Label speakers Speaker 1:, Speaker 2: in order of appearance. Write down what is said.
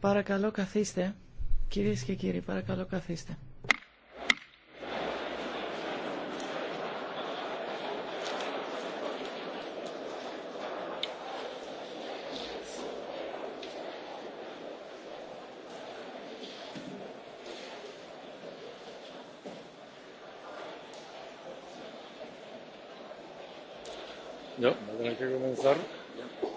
Speaker 1: Παρακαλώ καθίστε. Κυρίες και κύριοι, παρακαλώ καθίστε.